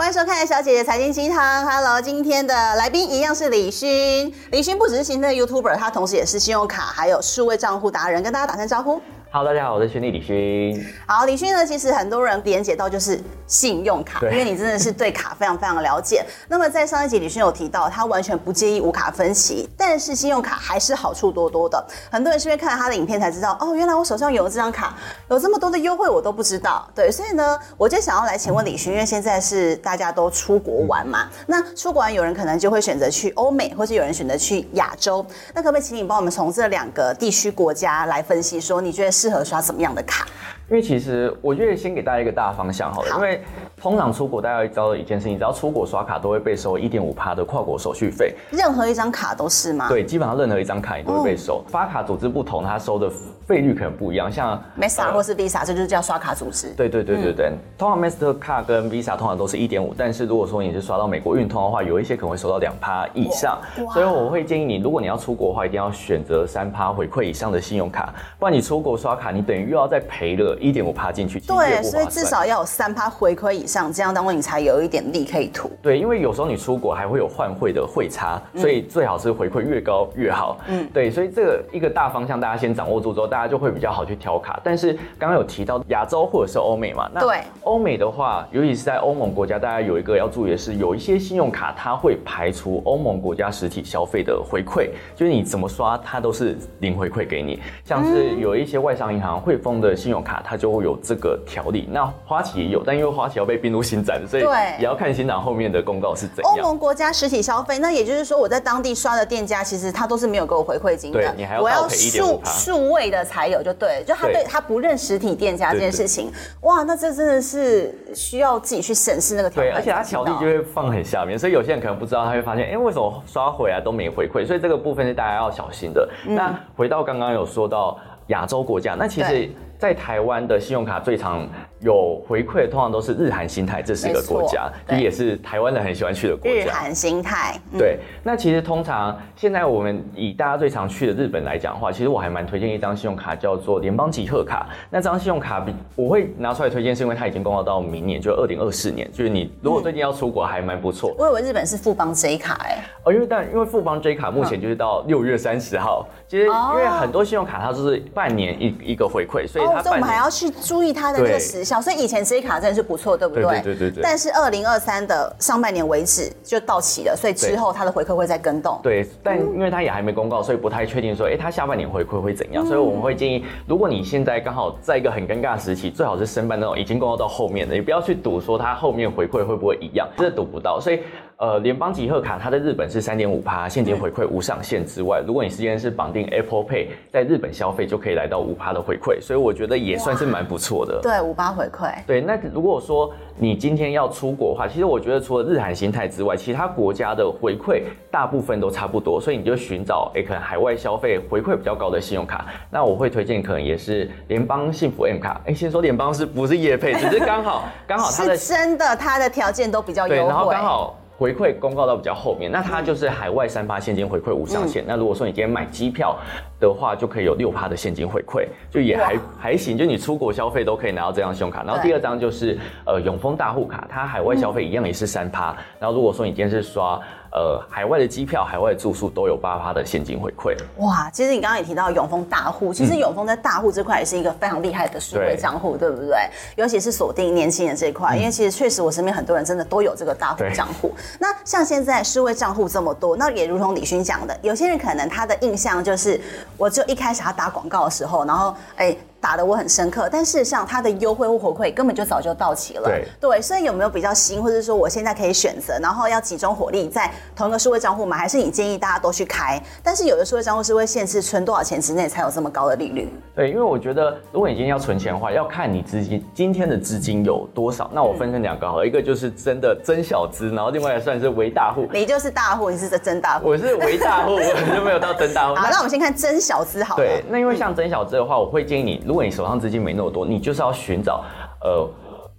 歡迎收看《小姐姐財經基湯》，Hello，今天的來賓一樣是李勳。李勳不只是新的 YouTuber，他同時也是信用卡還有數位賬戶達人，跟大家打聲招呼。好，Hello, 大家好，我是璇依，李勳。好，李勳呢，其實很多人連結到就是信用卡，對因為你真的是對卡非常非常的了解。 那麼在上一集，李勳有提到，他完全不介意無卡分期，但是信用卡還是好處多多的。很多人是因為看了他的影片才知道，哦，原來我手上有了這張卡有這麼多的優惠，我都不知道。對，所以呢，我就想要來請問李勳，嗯、因為現在是大家都出國玩嘛，嗯、那出國玩有人可能就會選擇去歐美，或是有人選擇去亞洲。那可不可以請你幫我們從這兩個地區國家來分析，說你覺得？適合刷什麼樣的卡？因為其實我覺得先給大家一個大方向好了，好因為通常出國大家會知道的一件事情，只要出國刷卡都會被收一點五趴的跨國手續費，任何一張卡都是嗎？對，基本上任何一張卡你都會被收。嗯、發卡組織不同，它收的費率可能不一樣。像 Master 或是 Visa，這就是叫刷卡組織。對對對對對，嗯、通常 Master 卡跟 Visa 通常都是一點五，但是如果說你是刷到美國運、嗯、通的話，有一些可能會收到兩趴以上。哇所以我會建議你，如果你要出國的話，一定要選擇三趴回饋以上的信用卡，不然你出國刷卡，你等於又要再賠了。一點五趴進去，對，所以至少要有三趴回饋以上，這樣當中你才有一點利可以圖。對，因為有時候你出國還會有換匯的匯差，嗯、所以最好是回饋越高越好。嗯，對，所以這個一個大方向，大家先掌握住之後，大家就會比較好去挑卡。但是剛剛有提到亞洲或者是歐美嘛？那對，歐美的話，尤其是在歐盟國家，大家有一個要注意的是，有一些信用卡它會排除歐盟國家實體消費的回饋，就是你怎麼刷，它都是零回饋給你。像是有一些外商銀行、匯豐的信用卡，它它就會有這個條例，那花旗也有，但因為花旗要被併入星展，所以也要看星展後面的公告是怎樣。歐對盟國家實體消費，那也就是說我在當地刷的店家，其實他都是沒有給我回饋金的。你還要數數位的才有，就對，就他對，對他不認實體店家這件事情，對對對。哇，那這真的是需要自己去審視那個條例。而且他條例就會放很下面，所以有些人可能不知道，他會發現，哎、欸，為什麼刷回來都沒回饋？所以這個部分是大家要小心的。嗯、那回到剛剛有說到亞洲國家，那其實。在台灣的信用卡最長。有回饋的通常都是日韓、新泰這四個國家，這也是台灣人很喜歡去的國家。日韓、新、嗯、泰，對。那其實通常現在我們以大家最常去的日本來講的話，其實我還蠻推薦一張信用卡叫做聯邦吉鶴卡。那張信用卡比我會拿出來推薦，是因為它已經公告到，到明年，就二零二四年。就是你如果最近要出國還，還蠻不錯。我以為日本是富邦 J 卡哎、欸，哦，因為但因為富邦 J 卡目前就是到六月三十號，其實因為很多信用卡它都是半年一、嗯、一個回饋所以它、哦，所以我們還要去注意它的這時。所以以前這些卡真的是不錯，對不對？對對對對，對，對，但是二零二三的上半年為止就到期了，所以之後它的回饋會再更動。對，嗯、但因為它也還沒公告，所以不太確定說，哎，它下半年回饋會怎樣。所以我們會建議，如果你現在剛好在一個很尷尬的時期，最好是申辦那種已經公告到後面的，你不要去賭說它後面回饋會不會一樣，真的賭不到。所以，呃，聯邦集賀卡它在日本是三點五趴現金回饋無上限之外，如果你時間是綁定 Apple Pay 在日本消費，就可以來到五趴的回饋。所以我覺得也算是蠻不錯的。對，五趴。回饋。對，那如果說你今天要出國的話，其實我覺得除了日韓形態之外，其他國家的回饋大部分都差不多，所以你就尋找哎，可能海外消費回饋比較高的信用卡。那我會推薦可能也是聯邦幸福 M 卡。哎，先說聯邦是不是業配？只是剛好剛好它的 是真的，它的條件都比較優惠，然後剛好。回饋公告到比較後面，那它就是海外三趴現金回饋無上限。嗯、那如果說你今天買機票的話，就可以有六趴的現金回饋，就也還哇還行。就你出國消費都可以拿到這張信用卡。然後第二張就是對呃永豐大戶卡，它海外消費一樣也是三趴。嗯、然後如果說你今天是刷。呃，海外的機票、海外住宿，都有8%的現金回饋。哇，其實你剛剛也提到永豐大戶，其實永豐在大戶這塊也是一個非常厲害的數位賬戶嗯、對不對？尤其是鎖定年輕人這塊，嗯、因為其實確實我身邊很多人真的都有這個大戶賬戶。對那像現在數位賬戶這麼多，那也如同李勳講的，有些人可能他的印象就是，我就一開始他打廣告的時候，然後哎。欸打得我很深刻，但事實上它的優惠或回饋根本就早就到期了。對，對，所以有沒有比較新，或者說我現在可以選擇，然後要集中火力在同一個數位賬戶嗎？還是你建議大家都去開？但是有的數位賬戶是會限制存多少錢之內才有這麼高的利率。對，因為我覺得如果你今天要存錢的話，要看你資金今天的資金有多少。那我分成兩個好了，嗯、一個就是真的真小資，然後另外算是微大戶。你就是大戶，你是真大戶，我是微大戶， 我就沒有到真大戶。好那，那我們先看真小資好了。對，那因為像真小資的話，我會建議你。如果你手上資金沒那麼多，你就是要尋找，呃、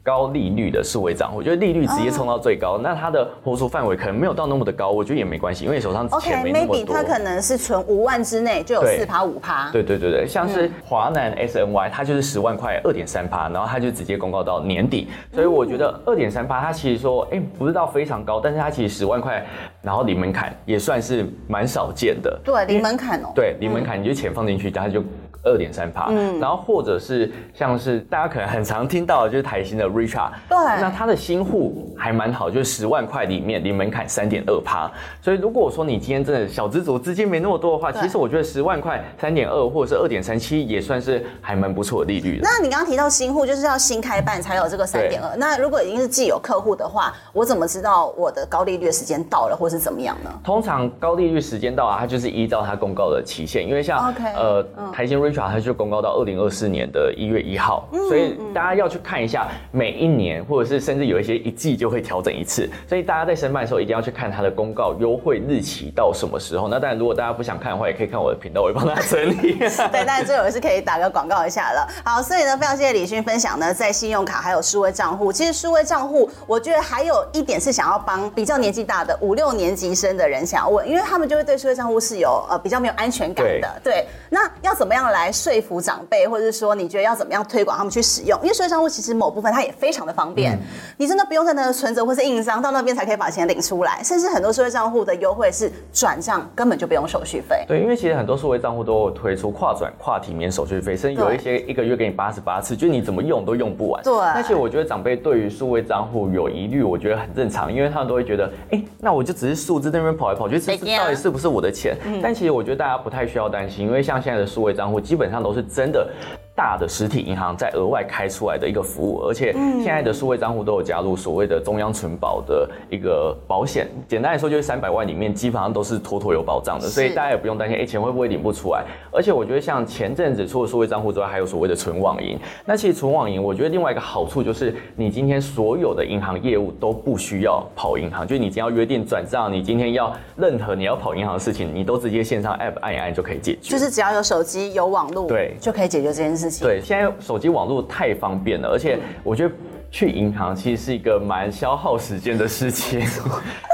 高利率的數位帳戶，就是利率直接衝到最高，啊、那它的活幅範圍可能沒有到那麼的高，我覺得也沒關係，因為手上錢沒那麼多。OK，Maybe 它可能是存五萬之內就有四趴五趴。對對對對，像是華南 SnY 它就是十萬塊二點三趴，然後它就直接公告到年底，所以我覺得二點三趴它其實說哎、欸、不是到非常高，但是它其實十萬塊然後零門檻也算是蠻少見的。對，零門檻哦、喔。對，零門檻你就錢放進去，然後、嗯、就二點三趴。嗯，然後或者是像是大家可能很常聽到的就是台新的。Richart 對，那他的新戶還蠻好，就是十萬塊裡面，零門檻三點二趴。所以如果我說你今天真的小資族資金沒那麼多的話，對其實我覺得十萬塊三點二或者是二點三七也算是還蠻不錯的利率的。那你剛剛提到新戶就是要新開辦才有這個三點二，那如果已經是既有客戶的話，我怎麼知道我的高利率時間到了，或是怎麼樣呢？通常高利率時間到了，它就是依照它公告的期限，因為像 okay, 呃，台新 Richart 它就公告到二零二四年的一月一號。嗯、所以大家要去看一下。嗯嗯每一年，或者是甚至有一些一季就會調整一次，所以大家在申辦的時候一定要去看它的公告優惠日期到什麼時候。那當然，如果大家不想看的話，也可以看我的頻道，我會幫大家整理啊。 對，但是最後也是可以打個廣告一下了。好，所以呢，非常謝謝李勛分享呢，在信用卡還有數位賬戶。其實數位賬戶，我覺得還有一點是想要幫比較年紀大的五六年級生的人想要問，因為他們就會對數位賬戶是有呃比較沒有安全感的。對，對，那要怎麼樣來說服長輩，或者是說你覺得要怎麼樣推廣他們去使用？因為數位賬戶其實某部分它也。非常的方便。嗯你真的不用在那個存摺或是印章到那邊才可以把錢領出來，甚至很多數位賬戶的優惠是轉賬根本就不用手續費。對，因為其實很多數位賬戶都有推出跨轉跨提免手續費，甚至有一些一個月給你八十八次，對就你怎麼用都用不完。對。而且我覺得長輩對於數位賬戶有疑慮，我覺得很正常，因為他們都會覺得，哎、欸，那我就只是數字那邊跑來跑去，這到底是不是我的錢？哎嗯、但其實我覺得大家不太需要擔心，因為像現在的數位賬戶基本上都是真的大的實體銀行在額外開出來的一個服務，而且現在的數位賬戶都有。加入所謂的中央存保的一個保險，簡單來說就是三百萬裡面基本上都是妥妥有保障的，所以大家也不用擔心，哎，錢會不會領不出來？而且我覺得像前陣子除了數位帳戶之外，還有所謂的純網銀。那其實純網銀，我覺得另外一個好處就是，你今天所有的銀行業務都不需要跑銀行，就是你只要約定轉賬，你今天要任何你要跑銀行的事情，你都直接線上 app 按一按就可以解決。就是只要有手機有網絡，對，就可以解決這件事情。對，現在手機網絡太方便了，而且我覺得。去銀行其實是一個蠻消耗時間的事情，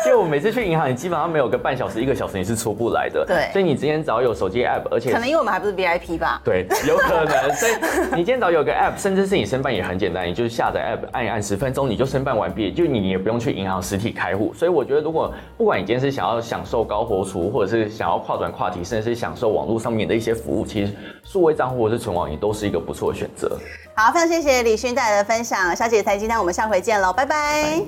就我每次去銀行，你基本上沒有個半小時、一個小時你是出不來的。對。所以你今天早有手機 app，而且可能因為我們還不是 VIP 吧？對，有可能。 所以你今天早有個 app，甚至是你申辦也很簡單，你就是下載 app，按一按十分鐘你就申辦完畢，就你也不用去銀行實體開戶。所以我覺得，如果不管你今天是想要享受高活儲，或者是想要跨轉跨提，甚至是享受網絡上面的一些服務，其實數位賬戶或是存網你都是一個不錯的選擇。好，非常謝謝李勳帶來的分享。小姐姐財經，那我們下回見嘍，拜拜。拜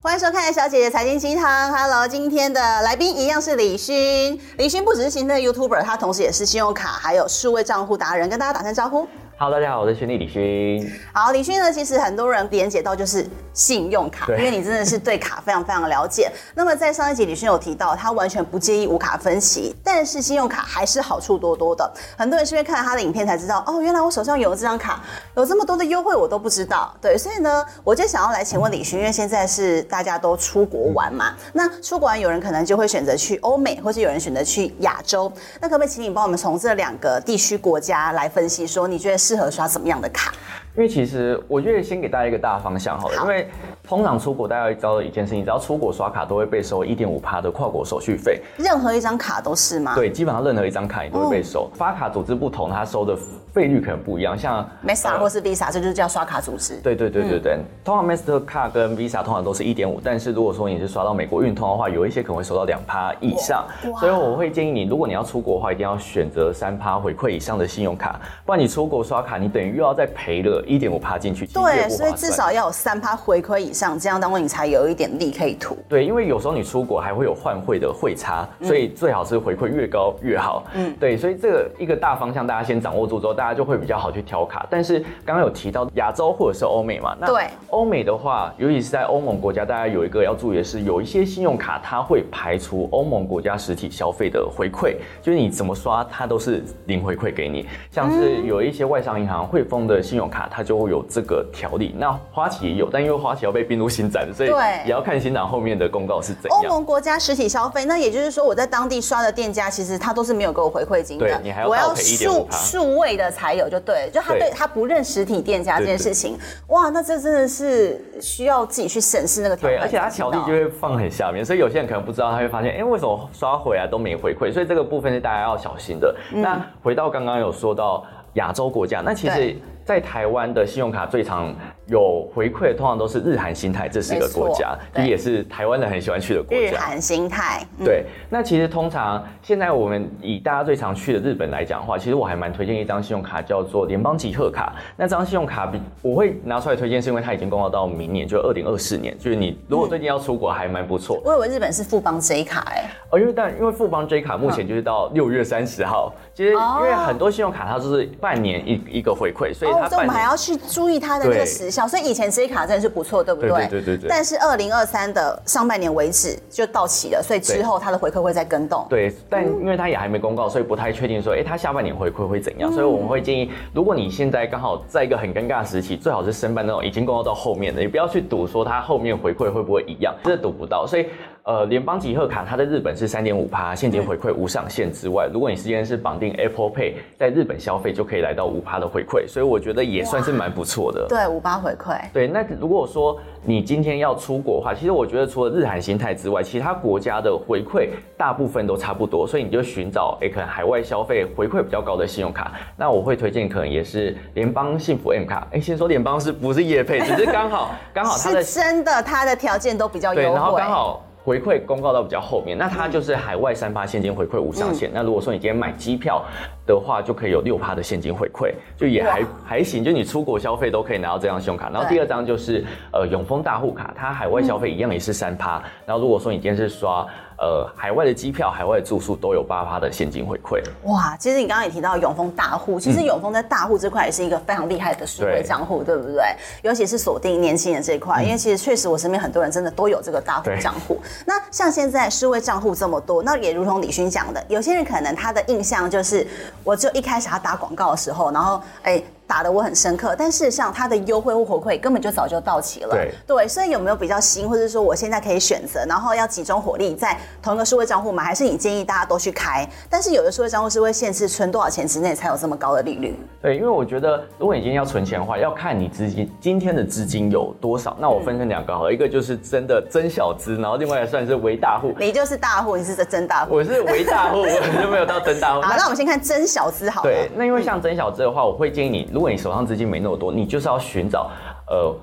拜歡迎收看《小姐姐財經基湯》，Hello，今天的來賓一樣是李勳。李勳不只是新的 YouTuber，他同時也是信用卡還有數位賬戶達人，跟大家打聲招呼。好，Hello, 大家好，我是 Shin Li 李勳。好，李勳呢，其實很多人連結到就是信用卡，對因為你真的是對卡非常非常的了解。 那麼在上一集，李勳有提到他完全不介意無卡分期，但是信用卡還是好處多多的。很多人是因為看了他的影片才知道，哦，原來我手上有這張卡有這麼多的優惠，我都不知道。對，所以呢，我就想要來請問李勳，嗯、因為現在是大家都出國玩嘛，嗯、那出國玩有人可能就會選擇去歐美，或者有人選擇去亞洲，那可不可以請你幫我們從這兩個地區國家來分析，說你覺得？適合刷什麼樣的卡？因為其實我覺得先給大家一個大方向好了，好因為通常出國大家知道的一件事情，只要出國刷卡都會被收一點五趴的跨國手續費，任何一張卡都是嗎？對，基本上任何一張卡你都會被收，嗯、發卡組織不同，它收的費率可能不一樣，像 Master 或是 Visa，這就是叫刷卡組織。對，對對對對對，嗯、通常 Master 卡跟 Visa 通常都是一點五，但是如果說你是刷到美國運通的話，有一些可能會收到兩趴以上，哇所以我會建議你，如果你要出國的話，一定要選擇三趴回饋以上的信用卡，不然你出國刷卡，你等於又要再賠了。一點五趴進去，對，所以至少要有三趴回饋以上，這樣等於你才有一點利可以圖。對，因為有時候你出國還會有換匯的匯差，嗯、所以最好是回饋越高越好。嗯，對，所以這個一個大方向，大家先掌握住之後，大家就會比較好去挑卡。但是剛剛有提到亞洲或者是歐美嘛？那歐美的話，對尤其是在歐盟國家，大家有一個要注意的是，有一些信用卡它會排除歐盟國家實體消費的回饋，就是你怎麼刷，它都是零回饋給你。像是有一些外商銀行、匯豐的信用卡。它就會有這個條例，那花旗也有，但因為花旗要被併入星展，所以也要看星展後面的公告是怎樣。歐盟國家實體消費，那也就是說我在當地刷的店家，其實他都是沒有給我回饋金的。要我要數數位的才有，就對，就他對，對他不認實體店家這件事情，對對對，哇，那這真的是需要自己去審視那個條例。對，而且他條例就會放很下面，所以有些人可能不知道，他會發現，哎、嗯，欸，為什麼刷回來都沒回饋？所以這個部分是大家要小心的。嗯、那回到剛剛有說到亞洲國家，那其實。在台灣的信用卡最長。有回饋的通常都是日韓新泰，這四個國家，這也是台灣人很喜歡去的國家。日韓新泰，嗯、對。那其實通常現在我們以大家最常去的日本來講的話，其實我還蠻推薦一張信用卡，叫做聯邦吉鶴卡。那張信用卡比我會拿出來推薦，是因為它已經公告到明年，就二零二四年。就是你如果最近要出國還，還蠻不錯。我以為日本是富邦 J 卡，哎、欸。哦，因為但因為富邦 J 卡目前就是到六月三十號。嗯、其實因為很多信用卡它都是半年一一個回饋，所以它、哦、所以我們還要去注意它的這個時效。啊、所以以前 J 卡真的是不錯，對不對？對對對對，但是二零二三的上半年為止就到期了，所以之後它的回饋會再更動。對，對，嗯、但因為它也還沒公告，所以不太確定說，哎、欸，它下半年回饋會怎樣？所以我們會建議，如果你現在剛好在一個很尷尬的時期，最好是申辦那種已經公告到後面的，你不要去賭說它後面回饋會不會一樣，真的賭不到。所以。呃，聯邦吉鶴卡，它在日本是三點五趴現金回饋無上限之外，對如果你雖然是綁定 Apple Pay，在日本消費就可以來到五趴的回饋，所以我覺得也算是蠻不錯的。對，五趴回饋。對，那如果說你今天要出國的話，其實我覺得除了日韓形態之外，其他國家的回饋大部分都差不多，所以你就尋找誒、欸，可能海外消費回饋比較高的信用卡。那我會推薦可能也是聯邦幸福 M 卡。誒、欸，先說聯邦是不是業配？ 只是剛好剛好它的是真的，它的條件都比較優，對，然後剛好。回饋公告到比較後面，那它就是海外三趴現金回饋無上限。嗯、那如果說你今天買機票的話，就可以有六趴的現金回饋，就也還哇還行。就你出國消費都可以拿到這張信用卡。然後第二張就是對呃永豐大戶卡，它海外消費一樣也是三趴。嗯、然後如果說你今天是刷。呃，海外的機票、海外的住宿都有八八的現金回饋。哇，其實你剛剛也提到永豐大戶，其實永豐在大戶這塊也是一個非常厲害的數位賬戶，嗯、對不對，對？尤其是鎖定年輕人這一塊，嗯、因為其實確實我身邊很多人真的都有這個大戶賬戶。對那像現在數位賬戶這麼多，那也如同李勳講的，有些人可能他的印象就是，我就一開始他打廣告的時候，然後哎。欸打得我很深刻，但事實上它的優惠或回饋根本就早就到期了。對,對，所以有沒有比較新，或者說我現在可以選擇，然後要集中火力在同一個數位帳戶嗎？還是你建議大家都去開？但是有的數位帳戶是會限制存多少錢之內才有這麼高的利率。對，因為我覺得如果你今天要存錢的話，要看你資金今天的資金有多少。那我分成兩個好了，嗯、一個就是真的真小資，然後另外算是微大戶。你就是大戶，你是真大戶，我是微大戶， 我就沒有到真大戶。好，那,那我們先看真小資好了。對，那因為像真小資的話，我會建議你。如果你手上資金沒那麼多，你就是要尋找呃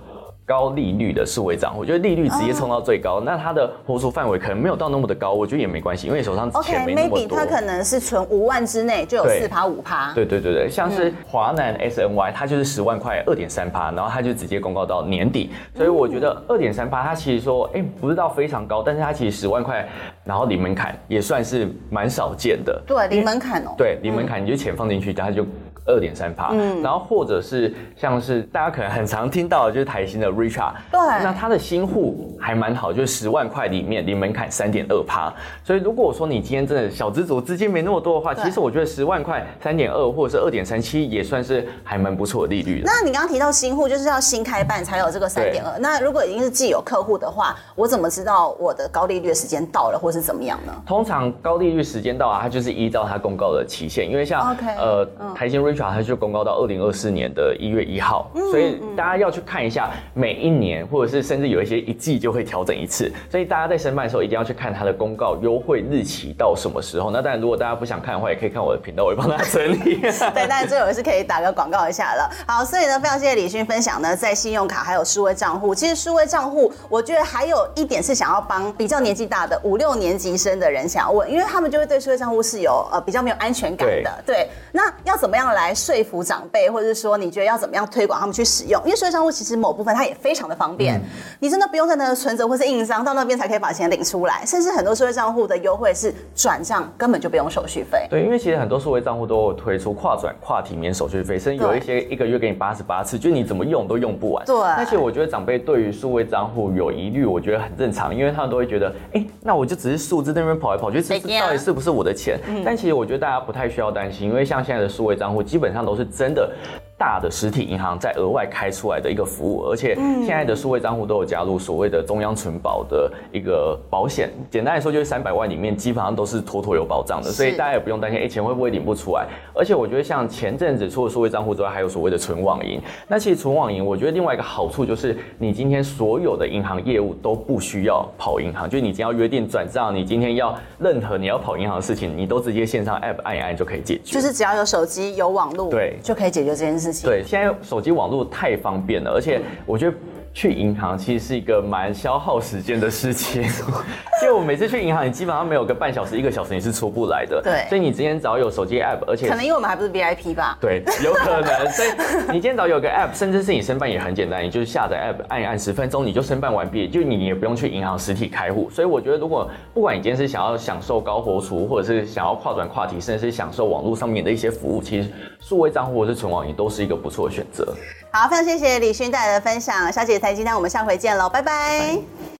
高利率的數位帳戶。我覺得利率直接衝到最高，嗯、那它的波出範圍可能沒有到那麼的高，我覺得也沒關係，因為手上資金沒那麼多 OK，Maybe、okay, 它可能是存五萬之內就有四趴五趴。對對對對，像是華南 Sny，它就是十萬塊二點三趴，然後它就直接公告到年底。所以我覺得二點三趴，它其實說哎、欸，不知道非常高，但是它其實十萬塊，然後零門檻也算是蠻少見的。對，零門檻哦、喔。對，零門檻，你就錢放進去，然後它就。二點三趴，嗯、然後或者是像是大家可能很常聽到的，就是台新的 Richart 對，那他的新戶還蠻好，就是十萬塊裡面，零門檻三點二趴。所以如果我說你今天真的小資族資金沒那麼多的話，對其實我覺得十萬塊三點二或者是二點三七也算是還蠻不錯的利率的。那你剛剛提到新戶就是要新開辦才有這個三點二，對那如果已經是既有客戶的話，我怎麼知道我的高利率時間到了或是怎麼樣呢？通常高利率時間到啊，它就是依照它公告的期限，因為像 okay, 呃台新 Richart、嗯。它就公告到二零二四年的一月一號，嗯、所以大家要去看一下每一年，嗯、或者是甚至有一些一季就會調整一次，所以大家在申辦的時候一定要去看它的公告優惠日期到什麼時候。那當然，如果大家不想看的話，也可以看我的頻道，我會幫他整理、啊。 對，但是這我也是可以打個廣告一下了。好，所以呢，非常謝謝李勳分享呢，在信用卡還有數位賬戶。其實數位賬戶，我覺得還有一點是想要幫比較年紀大的五六年級生的人想要問，因為他們就會對數位賬戶是有呃比較沒有安全感的。對,對，那要怎麼樣來？來說服長輩，或者是說你覺得要怎麼樣推廣他們去使用？因為數位賬戶其實某部分它也非常的方便，嗯、你真的不用在那個存摺或是印章到那邊才可以把錢領出來，甚至很多數位賬戶的優惠是轉賬根本就不用手續費。對，因為其實很多數位賬戶都有推出跨轉跨提免手續費，甚至有一些一個月給你八十八次，對就你怎麼用都用不完。對。而且我覺得長輩對於數位賬戶有疑慮，我覺得很正常，因為他們都會覺得，哎，那我就只是數字那邊跑來跑去，哎、呀這到底是不是我的錢？嗯、但其實我覺得大家不太需要擔心，因為像現在的數位賬戶。基本上都是真的。大的實體銀行在額外開出來的一個服務，而且現在的數位賬戶都有加入所謂的中央存保的一個保險。簡單來說，就是三百萬裡面基本上都是妥妥有保障的，所以大家也不用擔心，哎，錢會不會領不出來？而且我覺得像前陣子除了數位賬戶之外，還有所謂的純網銀。那其實純網銀，我覺得另外一個好處就是，你今天所有的銀行業務都不需要跑銀行，就是你只要約定轉賬，你今天要任何你要跑銀行的事情，你都直接線上 app 按一按就可以解決。就是只要有手機有網絡，對，就可以解決這件事。對，現在手機網絡太方便了，而且我覺得。去銀行其實是一個蠻消耗時間的事情， 因為我每次去銀行，你基本上沒有個半小時、一個小時你是出不來的。對，所以你今天早有手機 app，而且可能因為我們還不是 VIP 吧？對，有可能。所以你今天早有個 app，甚至是你申辦也很簡單，你就是下載 app，按一按十分鐘你就申辦完畢，就你也不用去銀行實體開戶。所以我覺得，如果不管你今天是想要享受高活儲，或者是想要跨轉跨提甚至是享受網絡上面的一些服務，其實數位賬戶或是存網也都是一個不錯的選擇。好，非常謝謝李勳帶來的分享，小姐姐的財經基湯，我們下回見嘍，拜拜。拜拜。